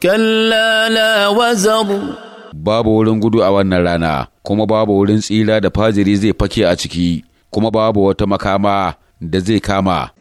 Kalla la wazar. babu wurin gudu a wannan rana kuma babu wurin tsira da faziri zai fake a ciki kuma babu wata makama da zai kama